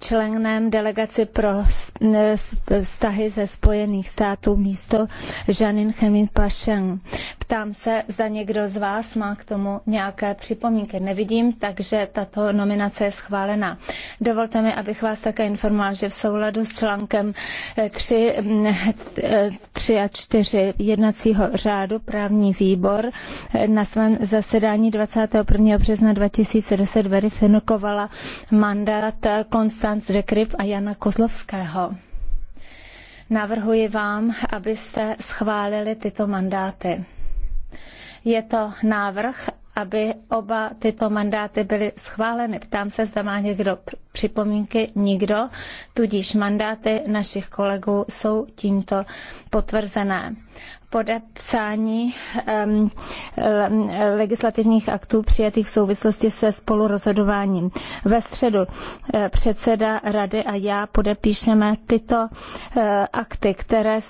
členem delegace pro vztahy ze Spojených států místo Žanin Chemin Pašen. Ptám se, zda někdo z vás má k tomu nějaké připomínky. Nevidím, takže tato nominace je schválena. Dovolte mi, abych vás také informoval, že v souladu s článkem 3, eh, 3 eh, a 4 jednacího řádu právní výbor eh, na svém zasedání 21. března 2010 verifikovala mandát konc Konstanc de Kryp a Jana Kozlovského. Navrhuji vám, abyste schválili tyto mandáty. Je to návrh aby oba tyto mandáty byly schváleny. Ptám se, zda má někdo připomínky. Nikdo, tudíž mandáty našich kolegů jsou tímto potvrzené podepsání um, legislativních aktů přijatých v souvislosti se spolurozhodováním. Ve středu eh, předseda rady a já podepíšeme tyto eh, akty, které